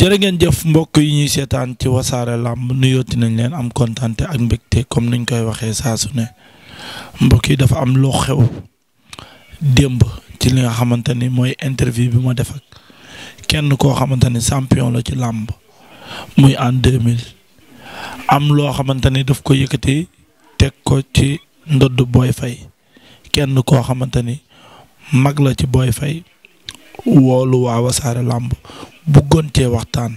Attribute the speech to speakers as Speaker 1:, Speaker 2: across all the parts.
Speaker 1: jërë ngeen jëf mbokk yi ñuy seetaan ci wasaare làmb nuyooti nañ leen am kontaan ak mbégte comme niñ koy waxee saa su ne mbokk yi dafa am loo xew démb ci li nga xamante ni mooy interview bi ma def kenn koo xamante ni champion la ci làmb muy en 2000 am loo xamante ni daf ko yëkkati teg ko ci ndodd Boy Faye kenn koo xamante ni mag la ci booy Faye woolu waa wasaare làmb bëggoon cee waxtaan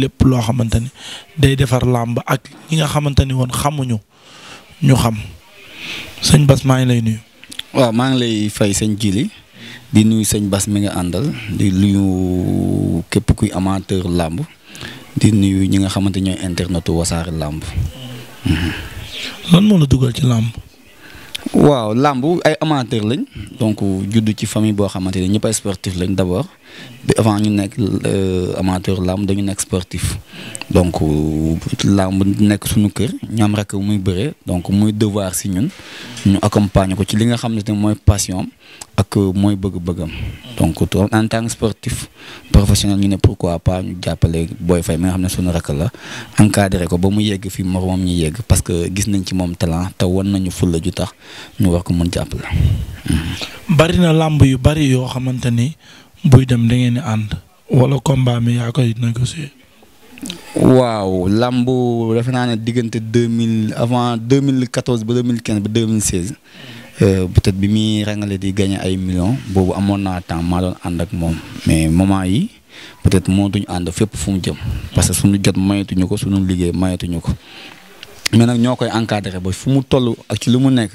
Speaker 1: lépp loo xamante ni day defar làmb ak ñi nga xamante ni woon xamuñu ñu xam sëñ Bas maa ngi lay nuyu.
Speaker 2: waaw maa ngi lay fay sëñ Jili di nuyu sëñ Bas mi nga àndal di nuyu képp kuy amateur làmb di nuyu ñi nga xamante ñooy internetu wasaare làmb.
Speaker 1: lan moo la dugal ci làmb.
Speaker 2: waaw lamb ay amateur lañ donc juddu ci famille boo xamante ne ñëpp ay sportif lañ d' abord avant ñu nekk euh, amateur lamb dañu nekk sportif donc euh, làmb nekk suñu kër ñam rek muy bëree donc muy devoir si ñun ñu accompagner ko ci li nga xam ne mooy passion ak euh, mooy bëgg-bëggam. donc en tant que sportif professionnel ñu ne pourquoi pas ñu jàppale Boy Faye mi nga xam ne suñu rakk la encadré ko ba mu yegg fi moromam ñu yegg parce que gis nañ ci moom talent te wan nañu fulla ju tax ñu war ko mën jàppale.
Speaker 1: Hmm. bari na làmb yu bari yoo xamante ni buy dem da ngeen di ànd wala combat mi yaa
Speaker 2: waaw làmb defe naa ne diggante deux mille avant deux mille quatorze ba deux mille quinze ba deux mille seize euh, peut-être bi muy rangale di gagné ay millions boobu amoon naa temps maa doon ànd ak moom mais moment yi peut-être moo duñu ànd fépp fu mu jëm parce que suñu jot mayatuñu ko suñu liggéey mayatuñu ko mais nag ñoo koy encadré ba fu mu toll ak ci lu mu nekk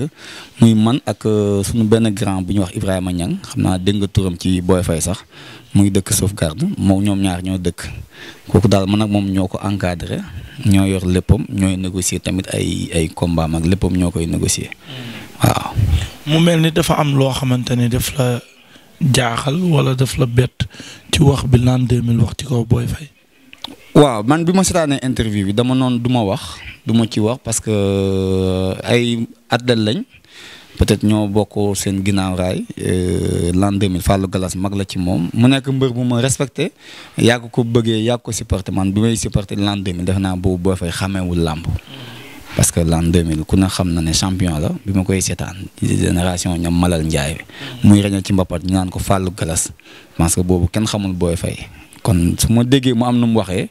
Speaker 2: muy man ak euh, suñu benn grand bu ñuy wax Ibrahima Niang xam naa dégg nga turam ci Boy Faye sax mu ngi dëkk sauvegarde moom ñoom ñaar ñoo dëkk kooku daal man ak moom ñoo ko encadré ñoo yor léppam ñooy négocier tamit ay ay combat ak léppam ñoo koy négocier waaw. mu mel ni dafa am loo
Speaker 1: xamante ni daf la jaaxal la bett ci wax bi wax ci kaw
Speaker 2: waaw man bi ma seetaanee interview bi dama noon duma wax duma ci wax parce que ay athlète lañ. peut-être ñoo bokk seen ginnaaw raay euh, l'an 2000 Fallou Galas mag la ci moom mu nekk mbër mu ma respecté yàgg ko bëggee yàgg ko supporté man bi may supporté l'an 2000 def naa boobu boo fay xameewul làmb parce que l'an 2000 ku ne xam na ne champion la bi ma koy seetaan génération ñoom Malal Ndiaye muy reño ci mbapat ñu naan ko Fallou Galas parce que boobu kenn xamul booy fay kon su ma déggee mu am nu mu waxee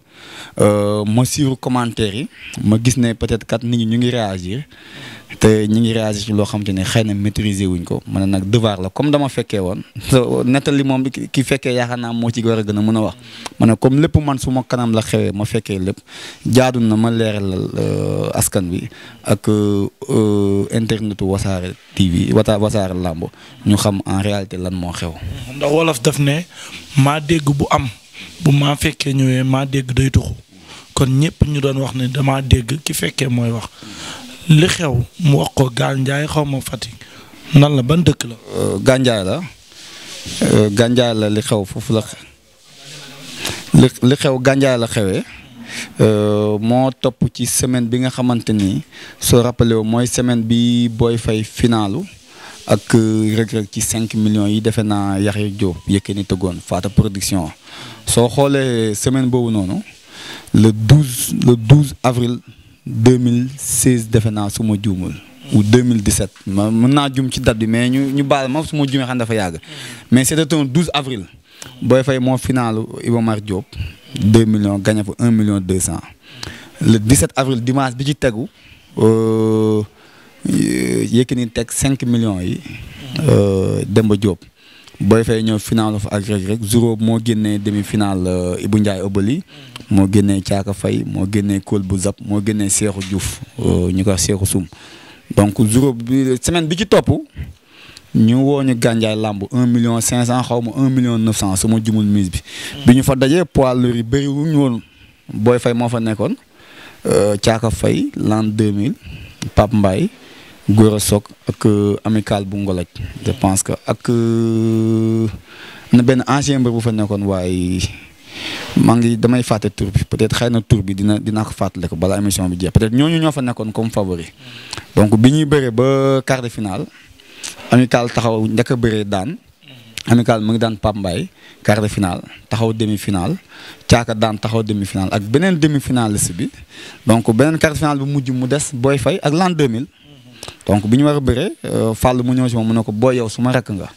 Speaker 2: euh, ma suivre commentaire yi ma gis ne peut-être kat nit ñi ñu ngi réagir te ñu ngi réagir ci loo xam te ne xëy na maîtriser wuñ ko ma ne nag devoir la comme dama fekkee woon nettali moom ki fekkee yaakaar naa moo ci war a gën a mën a wax ma ne comme lépp man su ma kanam la xewee ma fekkee lépp jaadu na ma leeralal euh, askan wi ak euh, internetu wasaare TV wata wasaare làmb ñu xam en réalité lan moo xew.
Speaker 1: bu maa fekkee ñëwee maa dégg day tuxu kon ñëpp ñu doon wax ne damaa dégg ki fekkee mooy wax li xew mu wax ko gànjaay xaw ma Fatick nan la ban dëkk la. Euh,
Speaker 2: gànjaay la euh, gànjaay la li xew foofu la li xew gànjaay la xewee. Euh, moo topp ci semaine bi nga xamante ni soo rappelé wu mooy semaine bi booy fay finaalu ak euh, Reug Reug ci cinq millions yi defe naa Yaxya Diop Yékini tëggoon Faata production soo xoolee semaine boobu noonu le 12 le 12 avril 2016 defe naa su ma juumul ou 2017 ma mën naa jum ci date bi mais ñu ñu baal ma suma ma jumee xam dafa yàgg mais c'était un 12 avril Boy Faye moo finalu Iba Mar Diop 2 millions gagné fa 1 million 200 le 17 avril dimanche bi ci tegu. Euh, ni teg cinq millions yi. Euh, Demba Diop. Boy Faye ñëw final of ak rek Reug moo génnee demi final euh, Ibou Ndiaye Obali. moo génnee Caaka fay moo génnee Kool bu Zap moo génnee Seexu Diouf euh, ñu ko wax Seexu Sum donc Zoro bi semaine bi ci topp. ñu woo ñu gànjaay làmb un million cinq cent xaw ma un million neuf cent suma ma jumul mise bi. bi ñu fa dajee poids lourd yi bëri wuñu woon Boy Faye moo fa nekkoon. Caaka fay l'an deux mille Pape mbaay Gora Sock ak euh, amical bu Ngolaj je pense que ak euh, na benn ancien mbër bu fa nekkoon waaye maa ngi damay fàtte tur bi peut-être xëy na tour bi dina dinaa ko fàttale ko bala émission bi jeex peut-être ñooñu ñoo fa nekkoon comme favori donc bi ñuy bëree ba quart de finale amical taxaw njëkk a bëree daan amical mu ngi daan Pape Mbaye quart de taxaw demi-finale caaka daan taxaw demi-finale ak beneen demi-finaliste bi donc beneen quart de finale mujj mu des Boy Faye ak l'an 2000. donc bi ñu war a bëree euh, Fall mu ñëw si moom mu ne ko boo yow su ma rakk nga.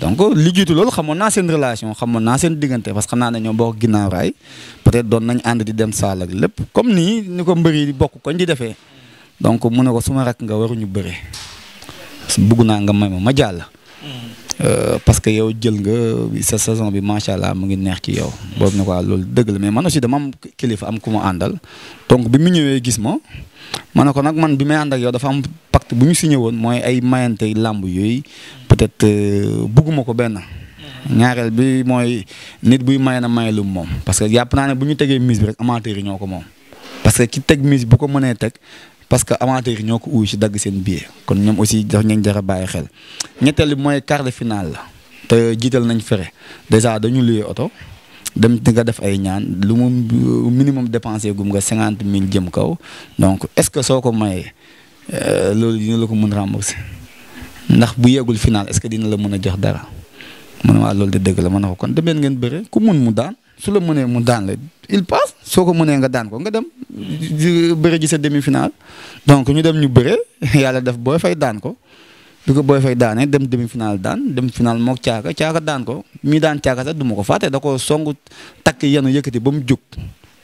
Speaker 2: donc li jiitu loolu xamoon naa seen relation xamoon naa seen diggante parce que naa ne ñoom bokk ginnaaw raay peut-être doon nañ ànd di dem saal lépp comme nii ni ko mbëri di bokk koñ di defee. donc mun a ko su ma rakk nga waruñu bëree. parce que bugg naa nga may ma ma jàll. Hmm. Euh, parce que yow jël nga sa saison bi macha allah mu ngi neex ci yow. boobu ne a loolu dëgg la mais man aussi dama am kilifa am ku ma donc bi mu ñëwee gis ma ma ne ko nag man bi ma ànd ak yow dafa am pacte bu ñu signé woon mooy ay mayante làmb yooyu peut-être euh, bugguma ko benn. ñaareel bi mooy nit buy may na may lu moom parce que yàpp naa bu ñu tegee mise bi rek amateur yi ñoo ko moom. parce que ki teg mise bu ko mënee teg parce que amateurs yi ñoo ko uyu si dagg seen billet kon ñoom aussi daf ñu jar a bàyyi xel ñetteel bi mooy quart de finale la te jiital nañ fere dèjà dañu luyee oto dem di nga def ay ñaan lu mu euh, minimum dépensé gum nga cinquante mille jëm kaw donc est ce que soo ko mayee euh, loolu dina la ko mën rembourser ndax bu yeggul final est ce que dina la mën a jox dara man waa loolu de dëgg la ma a ko kon demeen ngeen bëre ku mun mu daan. su la mënee mu daan la il passe soo ko mënee nga daan ko nga dem bëre ji sa demi-finale donc ñu dem ñu bëre yàlla def booy fay daan ko bi ko booy fay daanee dem demi-finale daan dem finale moog caaka caaka daan ko mi daan caaka sax du ma ko fàtte da ko songu takk yenu yëkkati ba mu jóg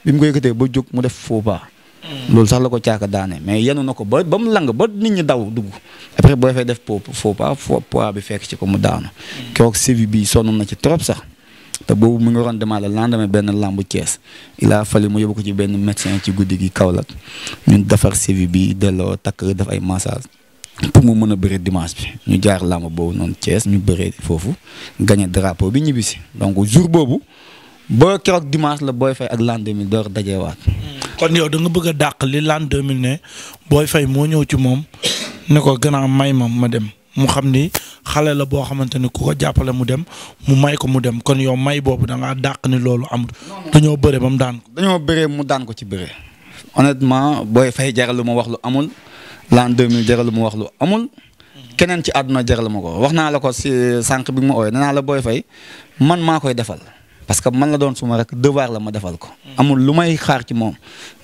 Speaker 2: bi mu ko yëkkatee ba jóg mu def faux mm. loolu sax la ko caaka daanee mais yenu na ko ba ba mu lang ba nit ñi daw dugg après booy fay def faux pas faux pas bi fekk ci ko mu daanu mm. keroog sévi bi sonn na ci trop sax te boobu mu ngi waroon demaale lendemain benn làmbu Thiès il a fallu mu yóbbu ko ci benn médecin ci guddi gi Kaolack ñun defar CV bi delloo takk def ay massage pour mu mën a bëre dimanche bi ñu jaar làmb boobu noonu Thiès ñu bëree foofu gagné drapeau bi ñibbi si donc jour boobu ba keroog dimanche la Boy Faye ak l'an 2000 door dajeewaat.
Speaker 1: kon yow da nga bëgg a dàq li l'an 2000 ne Boy Faye moo ñëw ci moom ne ko gën a may ma ma dem. mu xam ni xale la boo xamante ni ku ko jàppale mu dem mu may ko mu dem kon yow may boobu da ngaa dàq ni loolu amul.
Speaker 2: dañoo bëre ba mu daan ko. dañoo bëre mu daan ko ci bëre. honnêtement booy fay jaral ma wax lu amul l'an 2000 jaral ma wax lu amul. keneen ci àdduna jaral ma ko wax naa la ko si sànq bi ma ooyee nee la booy fay man maa koy defal. parce que man la doon suma rek devoir la ma defal ko. Hmm. amul lu may xaar ci moom.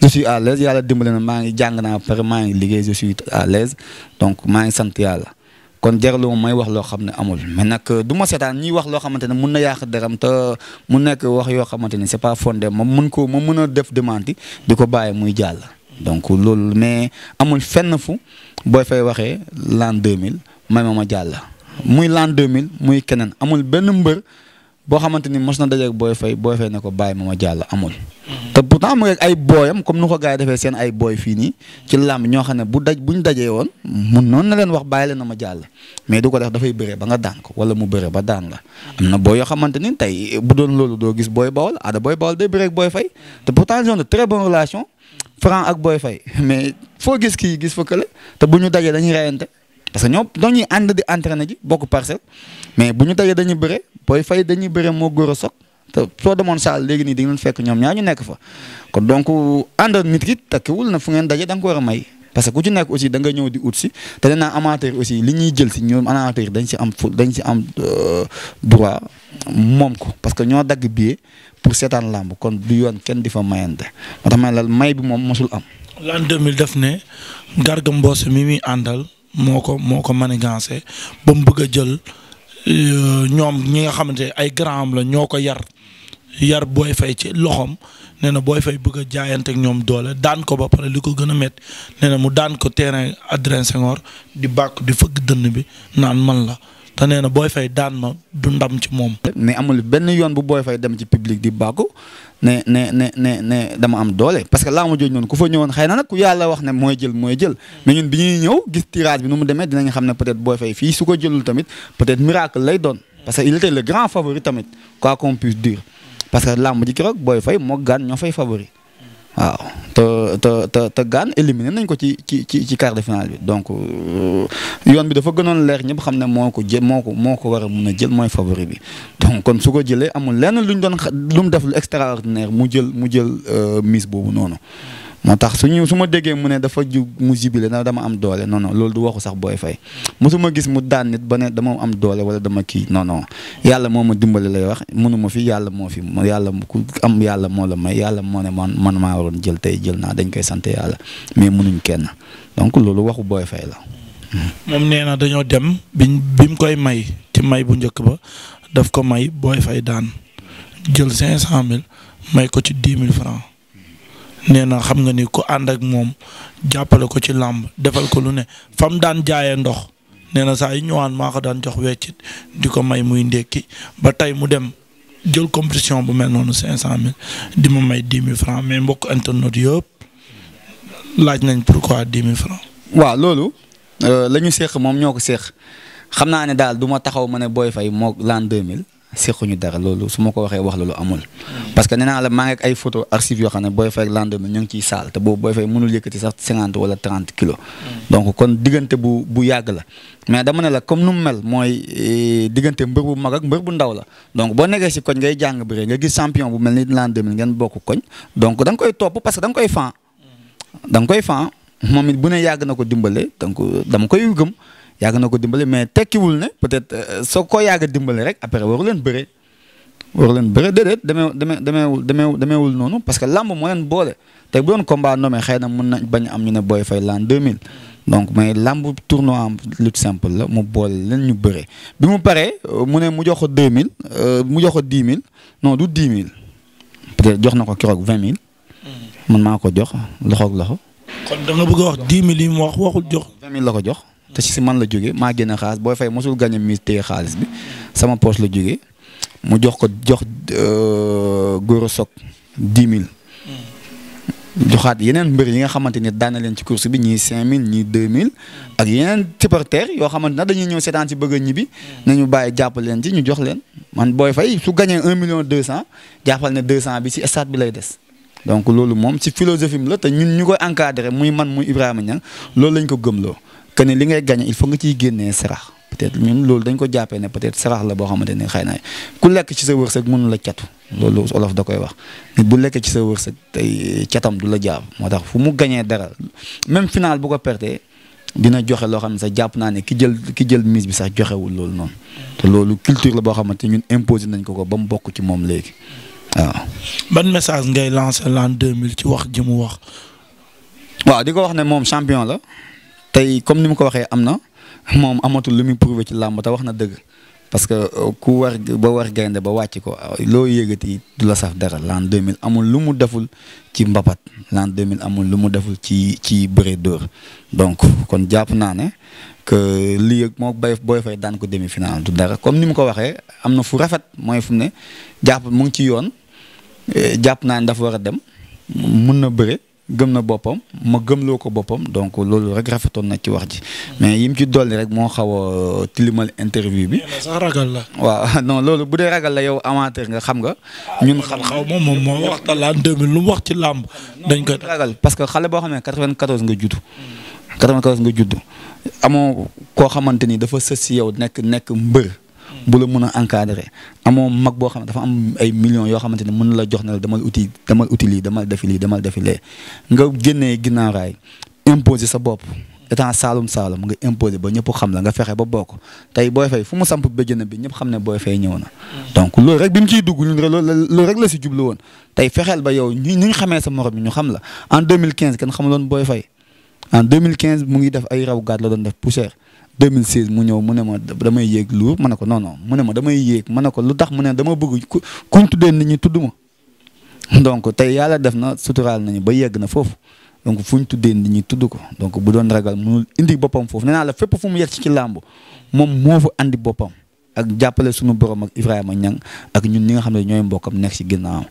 Speaker 2: je suis à l'aise yàlla dimbali na maa ngi jàng naa pare maa ngi liggéey je suis à l'aise donc maa ngi sant yàlla. kon jarul moom may wax loo xam ne amul mais nag euh, du ma seetaan ñiy wax loo xamante ne mun na yàq deram te mu nekk wax yoo xamante ni c'est pas fonde ma mun koo ma mun a def demande di ko bàyyi muy jàll. donc loolu mais amul fenn fu boo fay waxee l'an 2000 may ma ma jàll muy l'an mille muy keneen amul benn mbër boo xamante ni mos na dajeeg booy fay boo fay ne ko bàyyi ma ma jàll amul. Mm-hmm. daa am rek ay booyam comme nu ko gars yi defee seen ay booy fii nii ci làmb ñoo xam ne bu daj buñ dajee woon mun noonu leen wax bàyyi leen na ma jàll mais du ko def dafay bëre ba nga daan ko wala mu bëre ba daan la am na booy yoo xamante ni tey bu doon loolu doo gis booy bawal ada ah booy bawal day bëre ak booy fay te pourtant ils très bonne relation franc ak booy fay mais foo gis kii gis fa kële te bu ñu dajee dañuy reyante parce que ñoom dañuy ànd di entraîné ji bokk parcelle mais bu ñu dajee dañuy bëre booy fay dañuy bëre moo góor te soo demoon saal léegi nii di ngeen fekk ñoom ñaa ñu nekk fa kon donc àndal nit ki takkiwul na fu ngeen daje da nga ko war a may parce que ku ci nekk aussi da nga ñëw di si te nee naa amateur aussi li ñuy jël si ñoom amateur dañ si am fu dañ si am euh, droit moom ko parce que ñoo dagg billet pour seetaan làmb kon du yoon kenn di fa mayante moo tax ma la may bi moom mosul am.
Speaker 1: l'an 2000 def ne Garga Mbossé mi muy àndal moo ko moo ko manigancé ba mu bëgg a jël euh, ñoom ñi nga xamante ay grand am la ñoo ko yar yar booy fay ci loxoom nee na booy fay bëgg a jaayante ñoom doole daan ko ba pare li ko gën a métti nee mu daan ko terrain Adrien Senghor di bàkk di fëgg dënn bi naan man la te nee na booy fay daan ma du ndam ci moom.
Speaker 2: mais amul benn yoon bu booy fay dem ci public di bàkku ne ne ne ne ne dama am doole parce que laa ma jooj noonu ku fa ñëwoon xëy na nag ku yàlla wax ne mooy jël mooy jël mais ñun bi ñuy ñëw gis tirage bi nu mu demee dinañ xam ne peut-être booy fay fii su ko jëlul tamit peut-être miracle lay doon parce que il était le grand favori tamit quoi qu'on puisse dire. parce que làmb ji keroog booy fay moo gaan ñoo fay favori waaw te te te gaan éliminé nañ ko ci ci ci ci quart de finale bi donc euh, yoon bi dafa gënoon leer ñëpp xam ne moo ko jël moo ko moo ko war a mun a jël mooy favori bi donc kon su ko jëlee amul lenn luñ doon lu mu def lu extraordinaire mu jël mu jël euh, mise boobu noonu. moo tax suñu su ma déggee mu ne dafa jug mu jubile na dama am doole noonu loolu du waxu sax Boy Faye mosuma gis mu daan nit ba ne dama am doole wala dama kii non yàlla moo ma dimbali lay wax munuma ma fi yàlla moo fi yàlla ku am yàlla la may yàlla moo ne man man maa waroon jël tey jël naa dañ koy sant yàlla mais mënuñ kenn donc loolu waxu Boy Faye la.
Speaker 1: moom nee na dañoo dem biñ bi mu koy may ci may bu njëkk ba daf ko may booy Faye daan jël cinq cent mille may ko ci dix mille francs nee na xam nga ni ku ànd ak moom jàppale ko ci làmb defal ko lu ne fa mu daan jaayee ndox nee na saa yu ñëwaan maa ko daan jox weccit di ko may muy ndékki ba tey mu dem jël compétition bu mel noonu cinq cent mille di ma may dix mille francs mais mbokk internet yëpp laaj nañ pour pourquoi dix mille francs
Speaker 2: waaw loolu euh, la ñu seeq moom ñoo ko seeq xam naa ne daal duma taxaw ma ne booy fay mook l'an deux mille séquñu dara ma ko waxee wax loolu amul parce que nee naa la maa ngi ak ay photo archive yoo xam ne Boy Faye ak lendemain ñu ngi ciy saal te boobu Boy Faye mënul yëkkati sax cinquante wala trente kilos donc kon diggante bu bu la mais dama ne la comme mel mooy eh, diggante mbër bu mag mbër bu ndaw la donc boo nekkee si koñ ngay jàng bëre nga gis champion bu mel ni lendemain ngeen bokk koñ donc da koy topp parce que da koy fan yàgg na ko dimbali mais tekkiwul ne peut-être euh, soo ko yàgg dimbali rek après waru leen bëre waru leen bëre déedéet da demee demeewul demeewul noonu parce que lamb moo leen boole te bu doon combat nommé xëy na mën nañ bañ am ñu ne Boy Faye l'an 2000 donc mais lamb tournoi am la mu boole leen ñu bëre bi mu paree euh, mu ne mu jox ko 2000 euh, mu jox ko 10 000 non du 10 000 peut jox na ko keroog 20 000. Mm. man maa ko jox loxoog loxo. kon da nga bëgg a wax 10 000 yi mu wax waxul jox. 20 la ko jox. te si man la jógee maa génn xaalis booy fay mosul gagné mi téye xaalis bi sama poche la jógee mu jox ko jox euh, góor a soog dix mille. joxaat yeneen mbër yi nga xamante ni daan leen ci course bi ñii 5000 ñii 2000 ak yeneen supporters yoo xamante ne dañuy ñëw seetaan si bëgg a ñibbi nañu bàyyi jàpp leen ci ñu jox leen man booy fay su gagné 1 million 200 jàppal ne 200 bi si stade bi lay des. donc loolu moom si philosophie la te ñu ñu ko encadré muy man muy Ibrahima Niang loolu lañ ko gëm loo que li ngay gagné il faut nga ciy génnee sarax peut-être ñun loolu dañ ko jàppee ne peut-être sarax la boo xamante ne xëy na ku lekk ci sa wërsëg mënu la catu da koy wax nit bu lekkee ci sa wërsëg tey catam du la jaab moo tax fu mu gañee dara même final bu ko pertee dina joxe loo xam ne sa jàpp naa ne ki jël ki jël mise bi sax joxewul loolu noonu te loolu culture la boo xamante ñun imposé nañ ko ko ba mu bokk ci moom léegi waaw. ban message
Speaker 1: ngay lancé l'an 2000 ci wax ji mu wax.
Speaker 2: waaw di ko wax ne moom champion la. tey comme ni mu ko waxee am na moom amatul lu muy prouvé ci làmb wax na dëgg parce que euh, ku war ba war gaynde ba wàcc ko euh, loo yëgati du la saf dara l'an mille amul lu mu deful ci mbapat l'an 2000 amul lu mu deful ci ci bëre dóor donc kon jàpp naa ne que lii moo bay booy fay daan ko demi final du dara comme ni mu ko waxee am na fu rafet mooy fu mu ne jàpp mu ngi ci yoon euh, jàpp naa ne dafa war a dem mun na bëre. gëm na boppam ma gëmloo ko boppam donc loolu rek rafetoon na ci wax ji mais yim ci dolli rek moo xaw a euh, tilimal interview bi. sax ragal la. waaw non loolu bu dee ragal la yow amateur nga xam nga. ñun xam xaw moom moom moo wax talaan 2000 lu mu wax ci làmb. dañ ko ragal parce xale boo xam ne 94 nga judd. 94 nga judd amoo koo xamante ni dafa sës si yow nekk nekk mbër. bu la mën a encadrer amoo mag boo xam ne dafa am ay millions yoo xamante ne mën na la jox na la damal uti damal uti lii damal defi lii damal nga génnee ginnaaraay imposer sa bopp étant saalum saalum nga imposer ba ñëpp xam ne Boy Faye ñëw na donc loolu rek bi mu ciy dugg ñun loolu rek la si jublu woon tey fexeel ba yow ñu ñu xamee sa morom ñu xam la en 2015 kenn xamuloon Boy Faye en mu ngi def ay raw gaat la doon def 2016 mu ñëw mu ne ma damay yéeg luur ma ne ko non mu ne ma damay yéeg ma ne ko lu tax mu ne dama bëgg ku kuñ tuddee nit tudd ma donc tey yàlla def na suturaal nañu ba yegg na foofu donc fu ñu tuddee nit ñi tudd ko donc bu doon ragal mënul indi boppam foofu nee naa la fépp fu mu yegg ci làmb moom moo fa andi boppam ak jàppale suñu borom ak Ibrahima Niang ak ñun ñi nga xam ne ñooy mbokkam nekk ci ginnaaw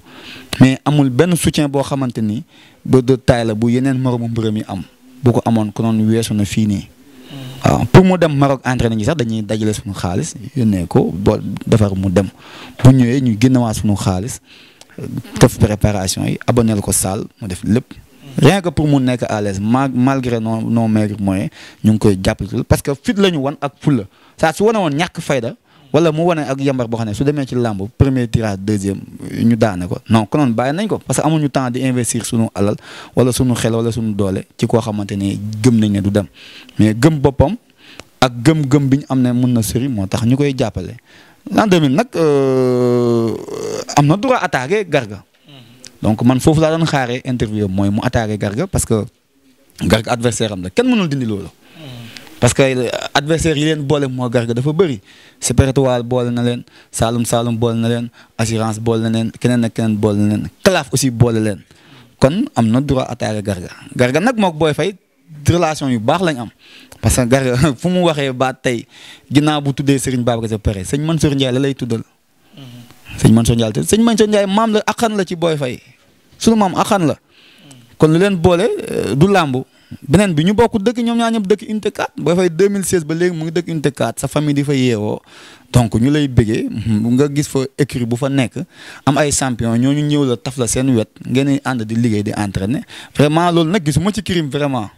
Speaker 2: mais amul benn soutien boo xamante ni ba de taay bu yeneen moromu mbërëm yi am bu ko amoon konoon weesu na fii nii. waaw pour mu dem Maroc entraîné ñi sax dañuy dajale suñu xaalis yónnee ko boo defar mu dem bu ñëwee ñu génnewaat suñu xaalis euh, def préparation yi abonné ko salle mu def lépp. rien que pour mu nekk à l'aise malgré nos nos maigres moyens ñu ngi koy jàppale parce que fit la ñu wan ak fulla saa su wane woon ñàkk fayda wala mu wane ak yambar boo xam ne su demee ci làmb premier tirage deuxième ñu daane ko non konoon bàyyi nañ ko parce que amuñu temps di investir suñu alal wala suñu xel wala suñu doole ci koo xamante ne gëm nañ ne du dem mais gëm boppam ak gëm-gëm bi ñu am ne mun na sëri moo tax ñu koy jàppale l'an 2000 nag euh, am na droit attaquer Garga donc man foofu laa doon xaaree interview mooy mu attaquer Garga parce que Garga adversaire am la kenn mënul dindi loolu parce que euh, adversaire yi leen boole moo garga dafa bëri Sépertoire boole na leen Saalum Saalum boole na leen assurance boole na leen keneen ak keneen boole na leen Kalaaf aussi boole leen kon am na droit attaqué garga garga nag mook booy fay relation yu baax lañ am parce que garga fu mu waxee baa tey ginnaaw bu tuddee Serigne Babacar Sy pare sëñ Mansour la lay tuddal. Mm-hmm. sëñ maam la axan la ci booy fay sunu maam axan la kon lu leen boole euh, du làmb beneen bi ñu bokk dëkk ñoom ñaa ñëpp dëkk unité 4 ba fay 2016 ba léegi mu ngi dëkk unité 4 sa famille fa yeewoo donc ñu lay bëggee nga gis fa écurie bu fa nekk am ay champion ñu ñëw la taf la seen wet ngeen ànd di liggéey di entraîner vraiment loolu nag gisuma ci crime vraiment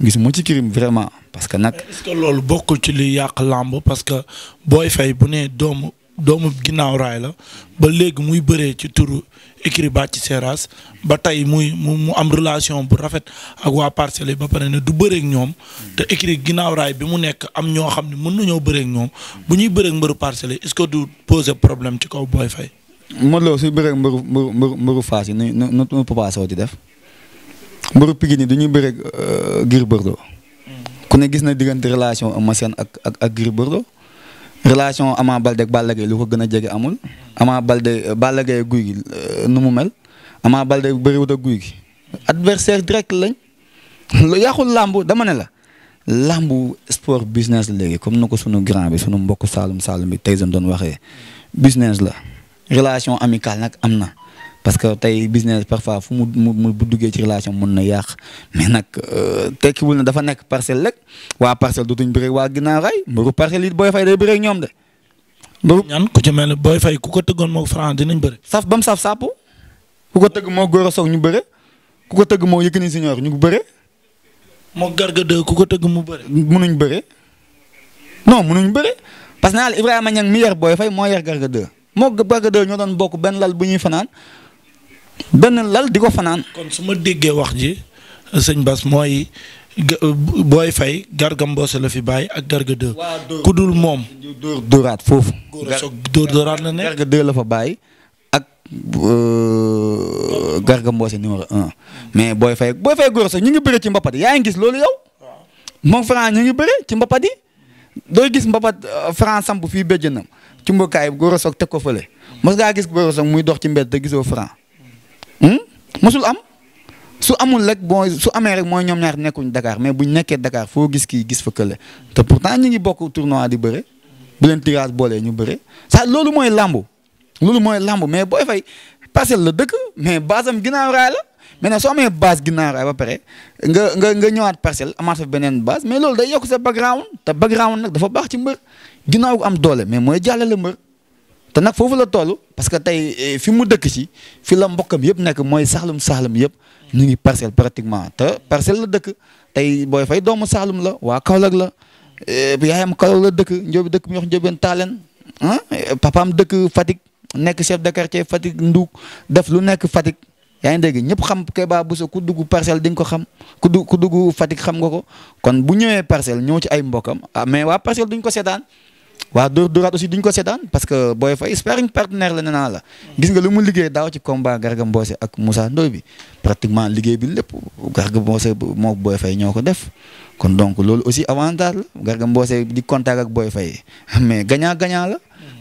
Speaker 2: gisuma ci crime vraiment parce que nag. loolu bokkul ci li yàq làmb parce que booy fay bu ne
Speaker 1: doomu doomu ginnaaw raay la ba léegi muy bëree ci turu écrit Bathie Seras ba tey muy mu am relation bu rafet ak waa parcelles yi ba pare ne du bëreek ñoom te écrit ginnaaw raay bi mu nekk am ñoo xam ne mën nañoo bëreek ñoom bu ñuy bëreek mbëru parcelles yi est-ce que du poser problème ci kaw Boy Faye
Speaker 2: Modou Lo suy bëreek mbëru mbëru mbëru Fass yi nu nu Papa Sow di def mbëru Pikine yi du ñuy bëreek euh, Gris Bordeaux mm. ku ne gis na diggante relation am ak ak ak Gris Bordeaux relation Ama Baldé ak Balla Gaye lu gën a jege amul Ama Baldé euh, Balla guy gi euh, nu mu mel Ama Baldé bëriwut ak guy gi adversaire direct lañ lu yàqul làmb dama ne la làmb sport business la léegi comme na ko sunu grand bi sunu mbokk Saalum Saalum bi tey doon waxee business la relation amicale nag am na. parce que tey business parfois fu mu mu bu duggee ci relation mun na yàq mais euh, tekkiwul na dafa nekk parcelle rek waa parcelle dootuñ bëre waa ginnaaw raay mbiru parcelle it booy fay day bëre ñoom de. mbiru ñaan ku ci mel ne booy fay ku ko tëggoon moo franc dinañ bëre. saf ba mu saf ku ko tëgg moo góor ñu bëre ku ko tëgg moo yëkkani senior ñu bëre. moo garga de ku ko tëgg mu bëre. munuñ bëre non munuñ bëre parce que naan Ibrahima Niang mi yar booy fay moo yar garga de moo ñoo doon bokk benn bu ñuy fanaan benn lal di ko fanaan. kon su ma déggee wax ji sëñ Bass mooy
Speaker 1: booy fay Garga Mbossé la fi bàyyi ak Garga 2. ku dul moom. dóor dóoraat foofu. dóor
Speaker 2: dóoraat la fa bàyyi ak euh, Garga Mbossé numéro mais booy fay booy fay góor sax ñu ngi bëre ci mbapat yaa ngi gis loolu yow. moom Franc ñu ngi bëre ci mbapat dooy gis mbapat euh, Franc samp fii béjjënam ci mbokaay góor soog teg ko fële mos ngaa gis góor soog muy dox ci mbedd te gisoo Franc. mosul am su amul rek bon su amee rek mooy ñoom ñaar nekkuñ dakaar mais buñ nekkee dakaar foo gis kii gis fa kële te pourtant ñu ngi bokk tournoi di bëre bu leen tirage boolee ñu bëre ça loolu mooy làmb loolu mooy làmb mais booy fay parcelle la dëkk mais base ginaaw ginnaaw raay la maintenant soo amee base ginnaaw raay ba pare nga nga nga ñëwaat parcelle amaat fa beneen base mais loolu day yokk sa background te background nag dafa baax ci mbër ginnaaw am doole mais mooy jàllale mbër. te nag foofu la toll parce que tey eh, fi mu dëkk ci fi la mbokkam yëpp nekk mooy saxlum saxlum yëpp ñu ngi parcelle pratiquement te parcelle la dëkk tey booy fay doomu saxlum la waa Kaolack la eh, yaayam Kaolack la dëkk njóobi dëkk mu yox njóobeen taaleen ah papaam dëkk Fatick nekk chef de quartier Fatick Ndouk def lu nekk Fatick yaa ngi dégg ñëpp xam Kéba Bousso ku dugg parcelle di ko xam ku dugg ku dugg Fatick xam nga ko kon bu ñëwee parcel ñëw ci ay mbokkam ah mais waa parcelle duñ ko seetaan waa dóor dóoraat aussi duñ ko seetaan parce que Boy Faye sparring partenaire la nee naa la. gis nga lu mu liggéey daaw ci combat Garga Mbossé ak Moussa Ndoye bi liggéey bi lépp Garga Mbossé moo Boy Faye ñoo ko def. kon donc loolu aussi avantage la Garga Mbossé di contact ak Boy Faye mais gañaa gagnant la.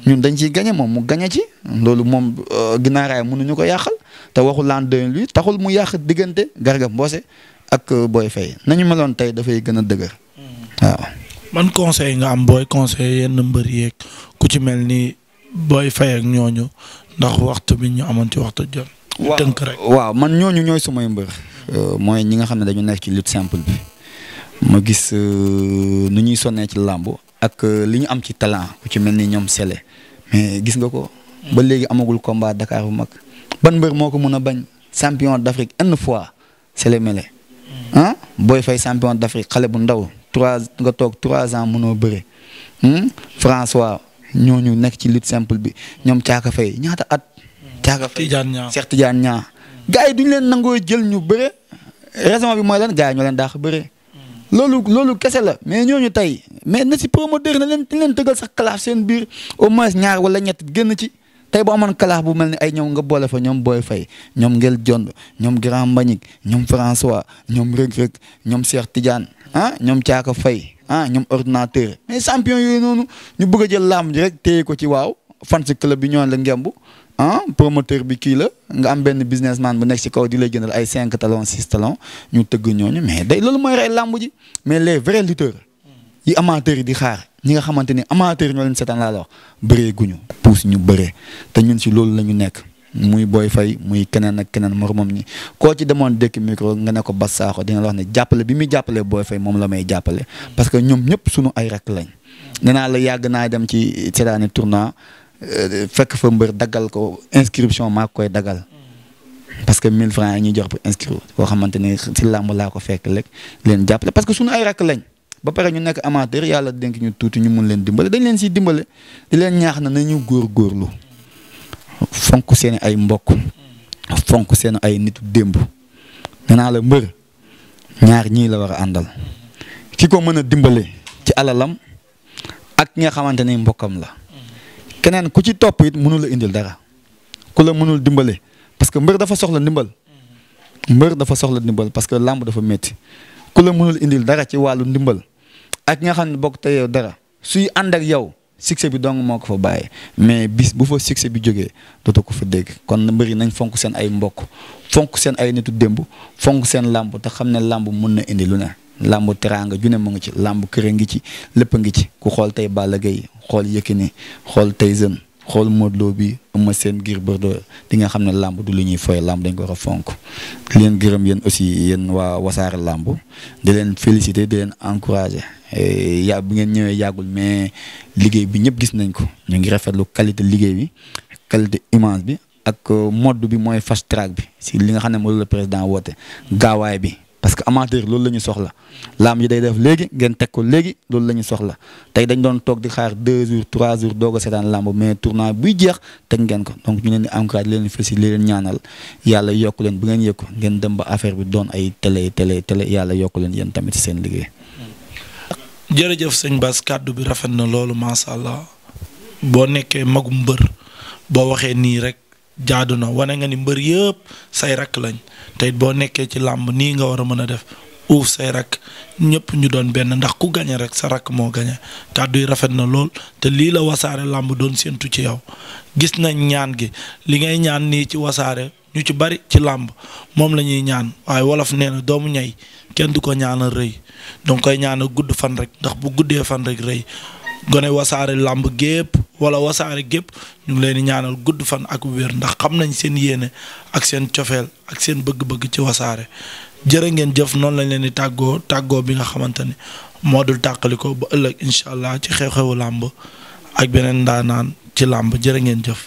Speaker 2: ñun dañ ciy gagné moom mu gagné ci. loolu moom euh, ginnaaraay mënuñu ko yàqal te waxul l'an 2008 taxul mu yàq diggante Garga mboose ak euh, booy Faye nañu meloon tey dafay gën a dëgër hmm.
Speaker 1: man conseil nga am booy conseil yenn mbër yeeg ku ci mel ni booy fay ak ñooñu ndax waxtu bi ñu amoon ci waxtu jot.
Speaker 2: waaw waaw man ñooñu ñooy sumay mbër. Euh, mooy ñi nga xam ne dañu nekk ci lut simple bi. ma gis euh, nu ñuy sonnee ci làmb ak euh, li ñu am ci talent ku ci mel ni ñoom Sele mais gis nga ko. ba léegi amagul combat Dakar bu mag. ban mbër moo ko mën a bañ champion d'Afrique une fois Sele Mele. ah booy fay champion d'Afrique xale bu ndaw. trois nga toog trois ans mënoo bëre hmm? François ñooñu nekk ci lutte simple bi ñoom Caaka Faye ñaata at. Caaka Faye Cheikh Tidiane Niang gars yi duñ leen nangoo jël ñu bëre raison bi mooy lan gars yi ñoo leen daax bëre. loolu loolu kese la mais ñooñu tey mais na si promoteur na leen leen tëggal sax clash seen biir au moins ñaar wala ñett génn ci tey boo amoon clash bu mel ni ay ñoom nga boole fa ñoom booy fay ñoom Ngel Jond ñoom Grand Mbagnick ñoom François ñoom Reug Reug ñoom Cheikh Tidiane. ah ñoom caaka fay ah ñoom ordinateur mais champion yooyu noonu ñu bëgg a jël làmb ji rek téye ko ci waaw fan si club bi ñoo la ngemb ah promoteur bi kii la nga am benn businessman bu nekk si kaw di lay jëndal ay cinq talons six talons ñu tëgg ñooñu mais day loolu mooy rey làmb ji mais les vrais lutteurs yi amateurs di xaar ñi nga xamante ni amateurs ñoo leen seetaan laa la wax bëree guñu puus ñu bëree te ñun si loolu la ñu nekk. muy booy fay muy keneen ak keneen moromam ñi koo ci demoon dëkk micro nga ne ko Bass Sakho dina la wax ne jàppale bi muy jàppale booy fay moom la may jàppale parce que ñoom ñëpp sunu ay rakk lañ nee naa la yàgg naa dem ci seetaani tournoi euh, ko inscription maa koy daggal parce que 1000 francs yi ñuy jox pour inscrire koo xamante ni si làmb laa ko fekk rek leen jàppale parce que sunu ay rakk ba pare ñu nekk amateur yàlla dénk ñu tuuti ñu mun leen dimbale dañ leen siy dimbale di leen ñaax na nañu góorgóorlu fonk seen ay mbokk fonk seen ay nitu démb nee la mbër ñaar ñii la war a àndal ki ko mën a dimbale ci alalam ak ki nga xamante ni mbokkam la keneen ku ci topp it mënul la indil dara ku la mënul dimbale parce que mbër dafa soxla ndimbal mbër dafa soxla ndimbal parce que làmb dafa métti ku la mënul indil dara ci wàllu ndimbal ak nga xam ne bokk te dara suy ànd ak succès bi dong moo ko fa bàyyi mais bis bu fa succès bi jógee dootoo ko fa dégg kon mbër yi nañ fonk seen ay mbokk fonk seen ay nitu démb fonk seen làmb te xam ne làmb mun na indi lu ne làmb teraanga ju ne mu ngi ci làmb kër ngi ci lépp ngi ci ku xool tey Balla Gaye xool Yékini xool tey Tyson xool Modou bi am ma seen giir Bordeaux di nga xam ne làmb du li ñuy fooy làmb dañ ko war a fonk di leen gërëm yéen aussi yéen waa wasaare làmb di leen féliciter di leen encourager eh, ya bi ngeen ñëwee yàggul mais liggéey bi ñëpp gis nañ ko ñu ngi rafetlu qualité liggéey bi qualité image bi ak euh, mode bi mooy fast track bi si li nga xam ne mooy la président woote gaawaay bi. parce que amateur loolu la ñu soxla laam yi day def léegi ngeen teg ko léegi loolu la ñu soxla tey dañ doon toog di xaar deux jours trois jours doog a seetaan làmb mais tournoi buy jeex teg ngeen ko donc ñu leen di encourage leen fësi li leen ñaanal yàlla yokk leen bu ngeen yëg ko ngeen dem ba affaire bi doon ay télé télé télé yàlla yokk leen yéen tamit si seen liggéey.
Speaker 1: jërëjëf sëñ Bass kàddu bi rafet na loolu macha allah boo nekkee magum mbër boo waxee nii rek. jaadu na wane nga ni mbër yëpp say rakk lañ tey boo nekkee ci làmb nii nga war a mën a def uuf say rakk ñëpp ñu doon benn ndax ku gañe rek sa rakk moo gañe kàddu yi rafet na lool te lii la wasaare làmb doon séentu ci yow gis nañ ñaan gi li ngay ñaan nii ci wasaare ñu ci bari ci làmb moom la ñuy ñaan waaye wolof nee na doomu ñay kenn du ko ñaanal rëy donc koy ñaana gudd fan rek ndax bu guddee fan rek rëy gone wasaare làmb gépp wala wasaare gépp ñu ngi leen di ñaanal gudd fan ak wér ndax xam nañ seen yéene ak seen cofeel ak seen bëgg-bëgg ci wasaare jërë ngeen jëf noonu lañ leen di tàggoo tàggoo bi nga xamante ni moo dul tàqaliko ba ëllëg incha allah ci xew-xewu làmb ak beneen ndaanaan ci làmb jërë ngeen jëf